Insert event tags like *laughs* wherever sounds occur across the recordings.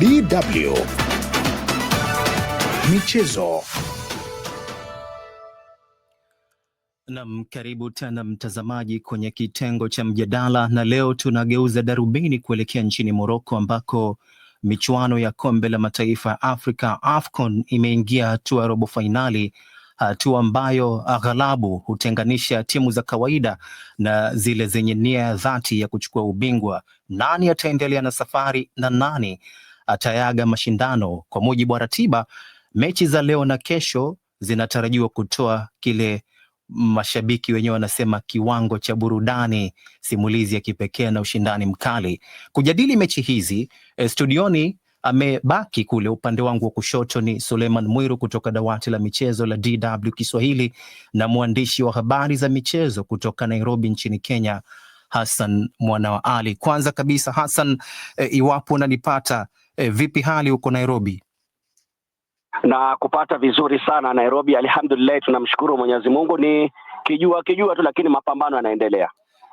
DW Michezo. Nam, karibu tena mtazamaji kwenye kitengo cha mjadala, na leo tunageuza darubini kuelekea nchini Moroko ambako michuano ya kombe la mataifa ya Afrika AFCON imeingia hatua ya robo fainali, hatua ambayo aghalabu hutenganisha timu za kawaida na zile zenye nia ya dhati ya kuchukua ubingwa. Nani ataendelea na safari na nani atayaga mashindano. Kwa mujibu wa ratiba, mechi za leo na kesho zinatarajiwa kutoa kile mashabiki wenyewe wanasema kiwango cha burudani, simulizi ya kipekee na ushindani mkali. Kujadili mechi hizi eh, studioni amebaki kule upande wangu wa kushoto ni Suleiman Mwiru kutoka dawati la michezo la DW Kiswahili na mwandishi wa habari za michezo kutoka Nairobi nchini Kenya, Hassan ali Kwanza kabisa Hassan, e, iwapo unanipata E, vipi hali huko Nairobi? Na kupata vizuri sana Nairobi, alhamdulillah, tunamshukuru Mwenyezi Mungu, ni kijua kijua tu, lakini mapambano yanaendelea.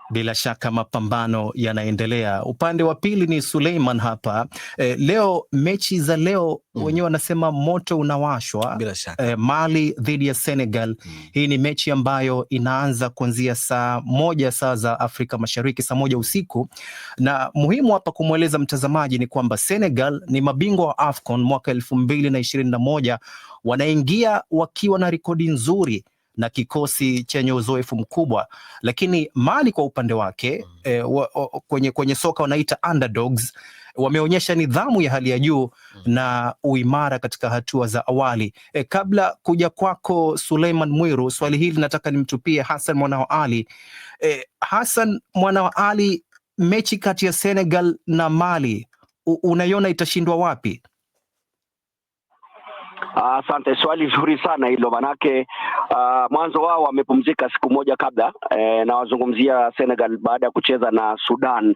Bila shaka mapambano yanaendelea. Upande wa pili ni Suleiman hapa. E, leo mechi za leo mm. wenyewe wanasema moto unawashwa e, Mali dhidi ya Senegal mm. hii ni mechi ambayo inaanza kuanzia saa moja saa za Afrika Mashariki, saa moja usiku, na muhimu hapa kumweleza mtazamaji ni kwamba Senegal ni mabingwa wa AFCON mwaka elfu mbili na ishirini na moja wanaingia wakiwa na rekodi nzuri na kikosi chenye uzoefu mkubwa, lakini Mali kwa upande wake mm. e, wa, o, kwenye, kwenye soka wanaita underdogs wameonyesha nidhamu ya hali ya juu mm. na uimara katika hatua za awali. E, kabla kuja kwako Suleiman Mwiru, swali hili nataka nimtupie Hassan mwana wa Ali. E, Hassan mwana wa Ali, mechi kati ya Senegal na Mali unaiona itashindwa wapi? Asante, swali zuri sana hilo, manake uh, mwanzo wao wamepumzika siku moja kabla e, eh, na wazungumzia Senegal baada ya kucheza na Sudan,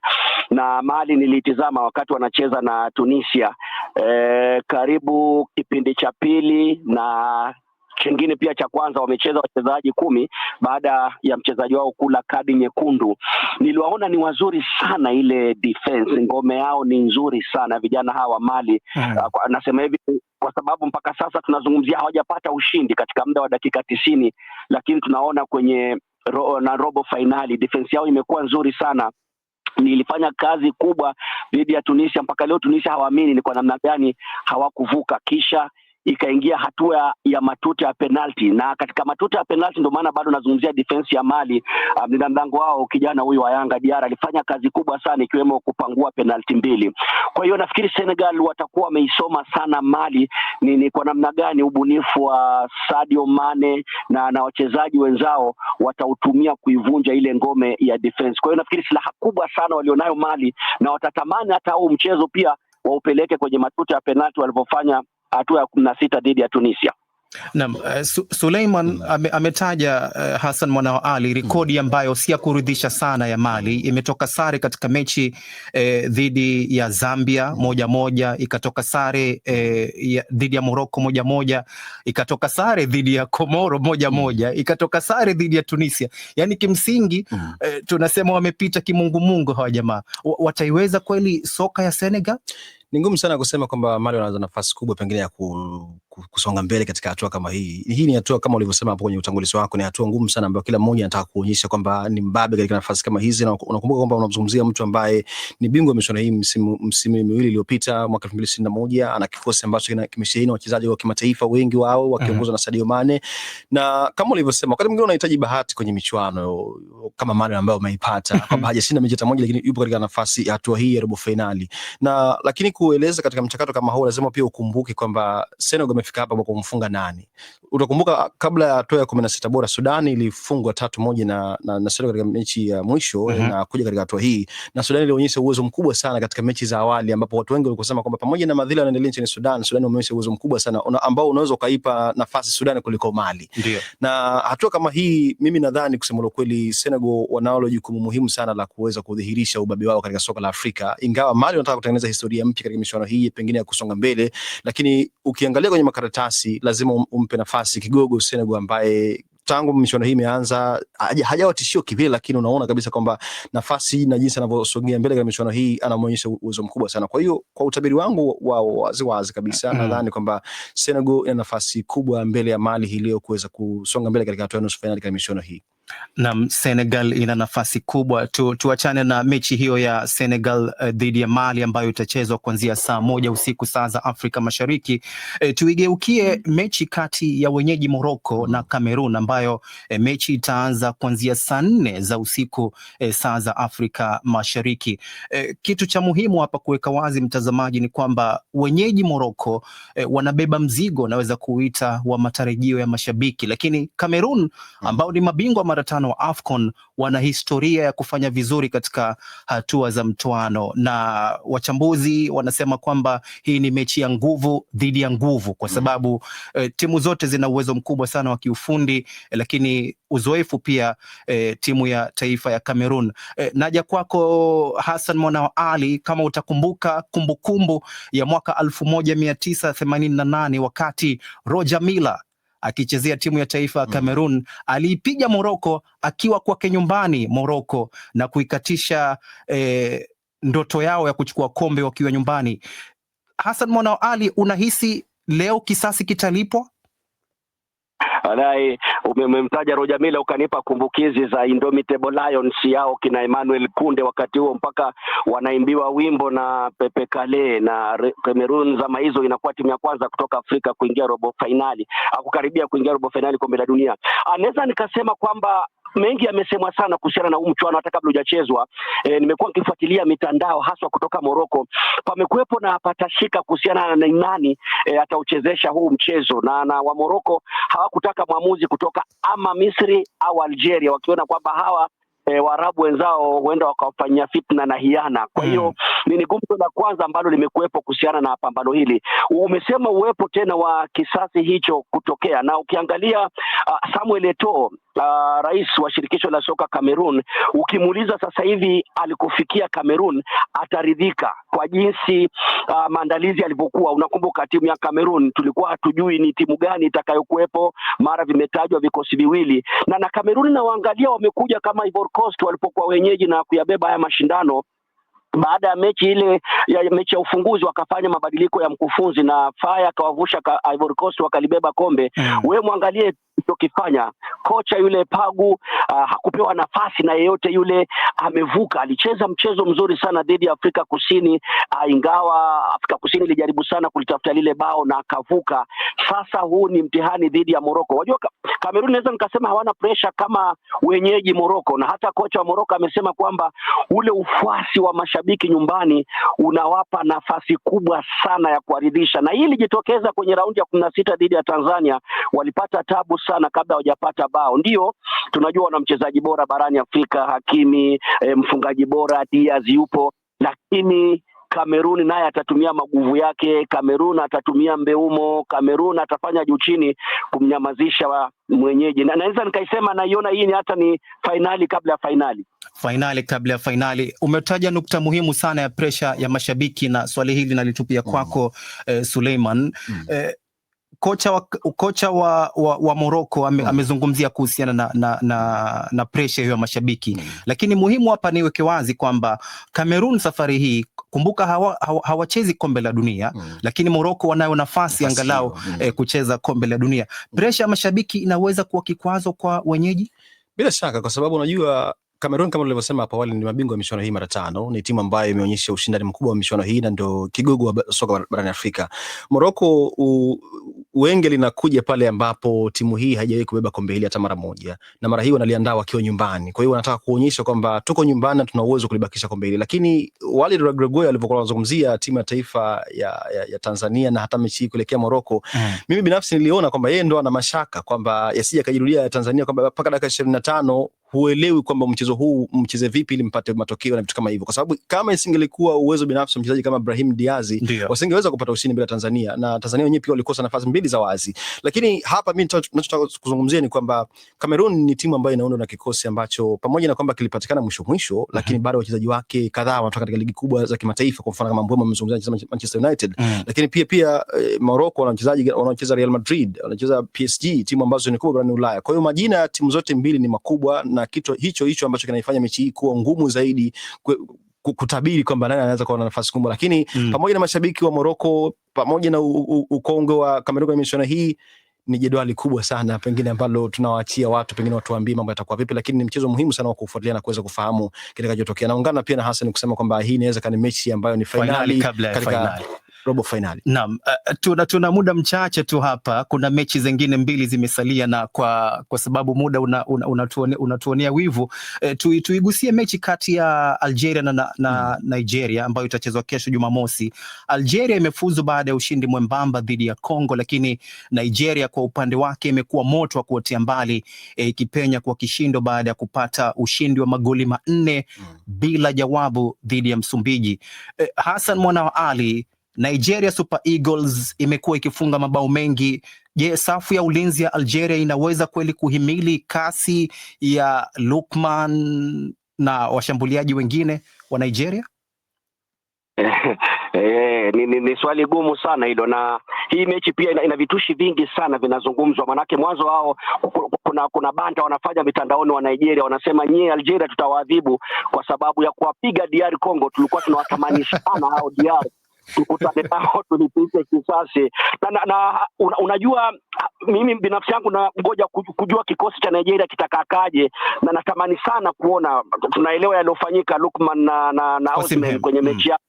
na mali nilitizama wakati wanacheza na Tunisia e, karibu kipindi cha pili na kingine pia cha kwanza wamecheza wachezaji kumi baada ya mchezaji wao kula kadi nyekundu. Niliwaona ni wazuri sana, ile defense ngome yao ni nzuri sana vijana hawa Mali. Uh, nasema hivi kwa sababu mpaka sasa tunazungumzia hawajapata ushindi katika muda wa dakika tisini, lakini tunaona kwenye ro na robo fainali defensi yao imekuwa nzuri sana nilifanya kazi kubwa dhidi ya Tunisia. Mpaka leo Tunisia hawaamini ni kwa namna gani hawakuvuka. Kisha ikaingia hatua ya matuta ya penalti, na katika matuta ya penalti ndio maana bado nazungumzia defense ya Mali. Uh, mlinda mlango wao kijana huyu wa Yanga Diarra alifanya kazi kubwa sana, ikiwemo kupangua penalti mbili. Kwa hiyo nafikiri Senegal watakuwa wameisoma sana Mali ni, ni kwa namna gani ubunifu wa Sadio Mane na, na wachezaji wenzao watautumia kuivunja ile ngome ya defense. Kwa hiyo nafikiri silaha kubwa sana walionayo Mali na watatamani hata huu mchezo pia waupeleke kwenye matuta ya penalti walivyofanya hatua ya kumi na sita dhidi ya Tunisia. Naam, eh, Su Suleiman ame, ametaja uh, Hassan Mwana wa Ali rekodi ambayo si ya kuridhisha sana ya Mali. Imetoka sare katika mechi eh, dhidi ya Zambia moja moja, ikatoka sare eh, ya, dhidi ya Morocco moja moja, ikatoka sare dhidi ya Komoro moja moja, ikatoka sare dhidi ya Tunisia. Yaani kimsingi mm. eh, tunasema wamepita kimungumungu hawa jamaa. Wataiweza kweli soka ya Senegal? ni ngumu sana kusema kwamba Mali wanaza nafasi kubwa pengine ya ku kusonga mbele katika hatua kama hii. Hii ni hatua kama ulivyosema hapo kwenye utangulizi wako, ni hatua ngumu sana ambayo kila mmoja anataka kuonyesha kwamba ni mbabe katika nafasi kama hizi, na unakumbuka kwamba unamzungumzia mtu ambaye ni bingwa michuano hii msimu msimu miwili iliyopita mwaka 2021 ana kikosi ambacho kimesheheni wachezaji wa kimataifa wengi wao wakiongozwa na Sadio Mane, na kama ulivyosema, wakati mwingine unahitaji bahati kwenye michuano kama Mane ambayo umeipata *laughs* kwamba hajashinda mechi hata moja, lakini yupo katika nafasi ya hatua hii ya robo finali. Na lakini kueleza katika mchakato kama huu lazima pia ukumbuke kwamba Senegal umefika hapa kwa kumfunga nani utakumbuka kabla ya hatua ya kumi na sita bora Sudan ilifungwa tatu moja na, na, na Senegal katika mechi ya mwisho mm -hmm. na kuja katika hatua hii na Sudan ilionyesha uwezo mkubwa sana katika mechi za awali, ambapo watu wengi walikusema kwamba pamoja na madhila yanaendelea nchini Sudan, Sudan wameonyesha uwezo mkubwa sana una, ambao unaweza ukaipa nafasi Sudan kuliko Mali. Ndiyo. na hatua kama hii, mimi nadhani kusema kweli, Senegal wanalo jukumu muhimu sana la kuweza kudhihirisha ubabe wao katika soka la Afrika, ingawa Mali wanataka kutengeneza historia mpya katika michuano hii pengine ya kusonga mbele, lakini ukiangalia kwenye makaratasi lazima um-, umpe nafasi nafasi kigogo Senegal ambaye tangu michuano hii imeanza hajawa tishio kivile, lakini unaona kabisa kwamba nafasi na jinsi anavyosogea mbele katika michuano hii anamwonyesha uwezo mkubwa sana. Kwa hiyo kwa utabiri wangu wa wazi wazi kabisa, mm-hmm. nadhani kwamba Senegal ina nafasi kubwa mbele ya Mali hii leo kuweza kusonga mbele katika hatua ya nusu fainali katika michuano hii nam Senegal ina nafasi kubwa tu. Tuachane na mechi hiyo ya Senegal uh, dhidi ya Mali ambayo itachezwa kuanzia saa moja usiku saa za Afrika Mashariki. E, tuigeukie mechi kati ya wenyeji Morocco na Cameroon ambayo e, mechi itaanza kuanzia saa nne za usiku e, saa za Afrika Mashariki. E, kitu cha muhimu hapa kuweka wazi mtazamaji ni kwamba wenyeji Morocco e, wanabeba mzigo naweza kuita wa matarajio ya mashabiki, lakini Cameroon hmm. ambao ni mabingwa mara mara tano wa AFCON wana historia ya kufanya vizuri katika hatua za mtoano, na wachambuzi wanasema kwamba hii ni mechi ya nguvu dhidi ya nguvu, kwa mm-hmm. sababu eh, timu zote zina uwezo mkubwa sana wa kiufundi eh, lakini uzoefu pia eh, timu ya taifa ya Cameroon. Eh, naja kwako Hassan Mwana wa Ali, kama utakumbuka kumbukumbu kumbu ya mwaka 1988 wakati Roger Milla akichezea timu ya taifa ya mm. Cameroon aliipiga Moroko akiwa kwake nyumbani Moroko na kuikatisha eh, ndoto yao ya kuchukua kombe wakiwa nyumbani. Hassan Mwanao Ali, unahisi leo kisasi kitalipwa? Baadaye umemtaja Roger Mila ukanipa kumbukizi za Indomitable Lions yao kina Emmanuel Kunde, wakati huo mpaka wanaimbiwa wimbo na Pepe Kale na Cameroon. Zama hizo inakuwa timu ya kwanza kutoka Afrika kuingia robo fainali, akukaribia kuingia robo fainali kombe la dunia. Anaweza ah, nikasema kwamba mengi yamesemwa sana kuhusiana na huu mchuano hata kabla hujachezwa. E, nimekuwa nikifuatilia mitandao haswa kutoka moroko pamekuwepo na patashika kuhusiana na nani e, eh, atauchezesha huu mchezo na, na wa Moroko hawakutaka mwamuzi kutoka ama Misri au Algeria, wakiona kwamba hawa E, Waarabu wenzao huenda wakawafanyia fitna na hiana. Kwa hiyo mm, ni gumzo la kwanza ambalo limekuwepo kuhusiana na pambano hili. Umesema uwepo tena wa kisasi hicho kutokea, na ukiangalia uh, Samuel Eto'o uh, rais wa shirikisho la soka Cameroon, ukimuuliza sasa hivi alikofikia Cameroon ataridhika kwa jinsi uh, maandalizi yalivyokuwa. Unakumbuka timu ya Cameroon tulikuwa hatujui ni timu gani itakayokuwepo, mara vimetajwa vikosi viwili, na na Cameroon nawaangalia wamekuja kama Ivory Coast walipokuwa wenyeji na kuyabeba haya mashindano baada ya mechi ile ya mechi ya ufunguzi wakafanya mabadiliko ya mkufunzi na Faya akawavusha Ivory Coast wakalibeba kombe. Mm. We mwangalie kifanya kocha yule Pagu uh, hakupewa nafasi na yeyote yule, amevuka. Alicheza mchezo mzuri sana dhidi ya Afrika Kusini uh, ingawa Afrika Kusini ilijaribu sana kulitafuta lile bao na akavuka. Sasa huu ni mtihani dhidi ya Moroko. Wajua Kameruni naweza nikasema hawana presha kama wenyeji Moroko, na hata kocha wa Moroko amesema kwamba ule ufuasi wa mashabiki mashabiki nyumbani unawapa nafasi kubwa sana ya kuaridhisha, na hii ilijitokeza kwenye raundi ya kumi na sita dhidi ya Tanzania. Walipata tabu sana kabla hawajapata bao. Ndio tunajua wana mchezaji bora barani Afrika, Hakimi, e, mfungaji bora Diaz yupo, lakini Kamerun naye atatumia maguvu yake, Kamerun atatumia mbeumo, Kamerun atafanya juu chini kumnyamazisha mwenyeji, na naweza nikaisema naiona hii ni hata ni fainali kabla ya fainali, fainali kabla ya fainali. Umetaja nukta muhimu sana ya presha ya mashabiki, na swali hili nalitupia mm. kwako mm. eh, Suleiman mm. eh, kocha wa, kocha wa, wa, wa Morocco ame, mm. amezungumzia kuhusiana na, na, na, na presha hiyo ya mashabiki mm. Lakini muhimu hapa niweke wazi kwamba Cameroon safari hii kumbuka, hawachezi hawa, hawa kombe la dunia mm. Lakini moroko wanayo nafasi angalau mm. eh, kucheza kombe la dunia. Mm. Presha ya mashabiki inaweza kuwa kikwazo kwa wenyeji bila shaka, kwa sababu unajua Cameroon kama ulivyosema hapo awali ni mabingwa wa michuano hii mara tano. Ni timu ambayo imeonyesha ushindani mkubwa wa michuano hii na ndio kigogo wa soka barani Afrika. Morocco wengi linakuja pale ambapo timu hii haijawahi kubeba kombe hili hata mara moja, na mara hii wanaliandaa wakiwa nyumbani. Kwa hiyo wanataka kuonyesha kwamba tuko nyumbani na tuna uwezo kulibakisha kombe hili, lakini wale Ragrogoya walivyokuwa wanazungumzia timu ya taifa ya, ya, ya Tanzania na hata mechi hii kuelekea Morocco mm. Mimi binafsi niliona kwamba yeye ndo ana mashaka kwamba yasija kajirudia ya Tanzania kwamba mpaka dakika ishirini na tano huelewi kwamba mchezo huu mcheze vipi ili mpate matokeo na vitu kama hivyo, kwa sababu kama isingelikuwa uwezo binafsi mchezaji kama Brahim Diaz wasingeweza kupata ushindi bila Tanzania, na Tanzania wenyewe pia walikosa nafasi mbili za wazi. Lakini hapa mimi ninachotaka kuzungumzia ni kwamba Cameroon ni timu ambayo inaundwa na kikosi ambacho pamoja na kwamba kilipatikana mwisho mwisho, mm -hmm. lakini bado wachezaji wake kadhaa wanatoka katika ligi kubwa za kimataifa, kwa mfano kama Mbwema amezungumzia Manchester United mm -hmm. lakini pia pia e, Morocco wana wachezaji wanaocheza Real Madrid, wanacheza PSG, timu ambazo ni kubwa barani Ulaya. Kwa hiyo majina ya timu zote mbili ni makubwa na na kitu hicho hicho ambacho kinaifanya mechi hii kuwa ngumu zaidi kwe, kutabiri kwamba nani anaweza kuwa na nafasi kubwa, lakini mm. pamoja na mashabiki wa Morocco pamoja na ukongwe wa Kamerun michuano hii ni jedwali kubwa sana pengine ambalo tunawaachia watu pengine watuambie mambo yatakuwa vipi, lakini ni mchezo muhimu sana wa kufuatilia na kuweza kufahamu kitakachotokea. Naungana pia na Hassan kusema kwamba hii inaweza kani mechi ambayo ni fainali katika robo fainali. Naam, uh, tuna, tuna muda mchache tu hapa, kuna mechi zingine mbili zimesalia, na kwa, kwa sababu muda unatuonea una, una una wivu eh, tu, tuigusie mechi kati ya Algeria na, na, na hmm. Nigeria ambayo itachezwa kesho Jumamosi. Algeria imefuzu baada ya ushindi mwembamba dhidi ya Congo, lakini Nigeria kwa upande wake imekuwa moto wa kuotea mbali eh, ikipenya eh, kwa kishindo baada ya kupata ushindi wa magoli manne mm. bila jawabu dhidi ya Msumbiji. Eh, Hassan Mwana wa Ali Nigeria Super Eagles imekuwa ikifunga mabao mengi. Je, safu ya ulinzi ya Algeria inaweza kweli kuhimili kasi ya Lukman na washambuliaji wengine wa Nigeria? *laughs* Eh, ni, ni, ni swali gumu sana hilo, na hii mechi pia ina, ina vitushi vingi sana vinazungumzwa. Maanake mwanzo wao kuna kuna banda wanafanya mitandaoni wa Nigeria wanasema, nyie Algeria tutawaadhibu kwa sababu ya kuwapiga DR Congo, tulikuwa tunawatamani sana hao DR tukutane nao tulipite kisasi na, na, na un, unajua mimi binafsi yangu nangoja kujua kikosi cha Nigeria kitakakaje, na natamani sana kuona. Tunaelewa yaliyofanyika Lukman na, na, na Osimhen kwenye mechi mm. yao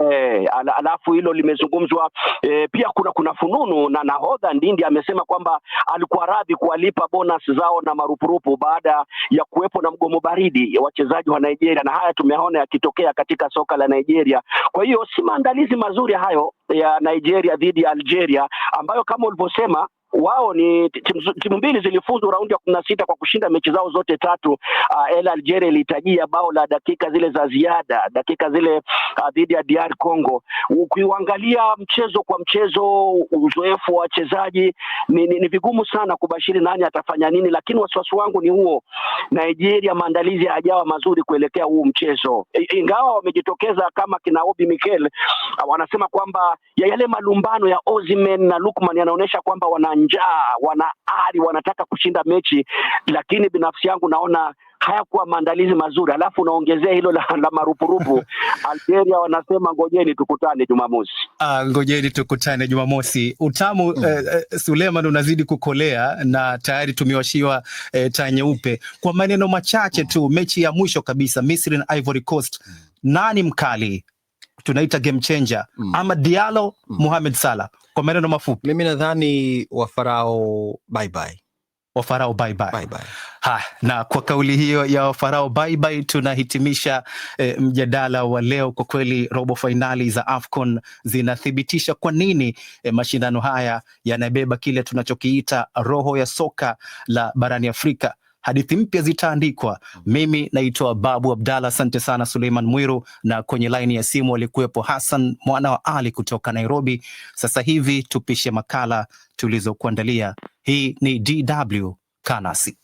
Eh, alafu hilo limezungumzwa e, pia kuna kuna fununu na nahodha Ndindi amesema kwamba alikuwa radhi kuwalipa bonus zao na marupurupu baada ya kuwepo na mgomo baridi wachezaji wa Nigeria, na haya tumeona yakitokea katika soka la Nigeria. Kwa hiyo si maandalizi mazuri hayo ya Nigeria dhidi ya Algeria ambayo kama ulivyosema wao ni timu mbili zilifuzu raundi ya kumi na sita kwa kushinda mechi zao zote tatu. Uh, El Algeria ilitajia bao la dakika zile za ziada, dakika zile ah, dhidi uh, ya DR Congo. Ukiuangalia mchezo kwa mchezo, uzoefu wa wachezaji ni, ni, ni vigumu sana kubashiri nani atafanya nini, lakini wasiwasi wangu ni huo Nigeria maandalizi hayajawa mazuri kuelekea huu mchezo, ingawa wamejitokeza kama kina Obi Mikel. Ah, wanasema kwamba ya yale malumbano ya Osimhen na Lukman yanaonyesha kwamba wana njaa, wana ari, wanataka kushinda mechi, lakini binafsi yangu naona hayakuwa maandalizi mazuri, alafu unaongezea hilo la, la marupurupu *laughs* Algeria wanasema ngojeni tukutane Jumamosi. Ah, ngojeni tukutane Jumamosi. Utamu mm. Eh, eh, Suleiman unazidi kukolea na tayari tumewashiwa eh, taa nyeupe. Kwa maneno machache tu, mechi ya mwisho kabisa Misri na Ivory Coast, mm. nani mkali tunaita game changer mm. ama Diallo mm. Mohamed Salah? Kwa maneno mafupi, mimi nadhani farao bye bye Wafarao bye bye. Bye bye. Ha, na kwa kauli hiyo ya Wafarao bye bye tunahitimisha eh, mjadala wa leo. Kwa kweli robo fainali za AFCON zinathibitisha kwa nini eh, mashindano haya yanabeba kile tunachokiita roho ya soka la barani Afrika hadithi mpya zitaandikwa. Mm-hmm. Mimi naitwa Babu Abdalla, asante sana Suleiman Mwiru, na kwenye laini ya simu alikuwepo Hassan mwana wa Ali kutoka Nairobi. Sasa hivi tupishe makala tulizokuandalia. Hii ni DW Kanasi.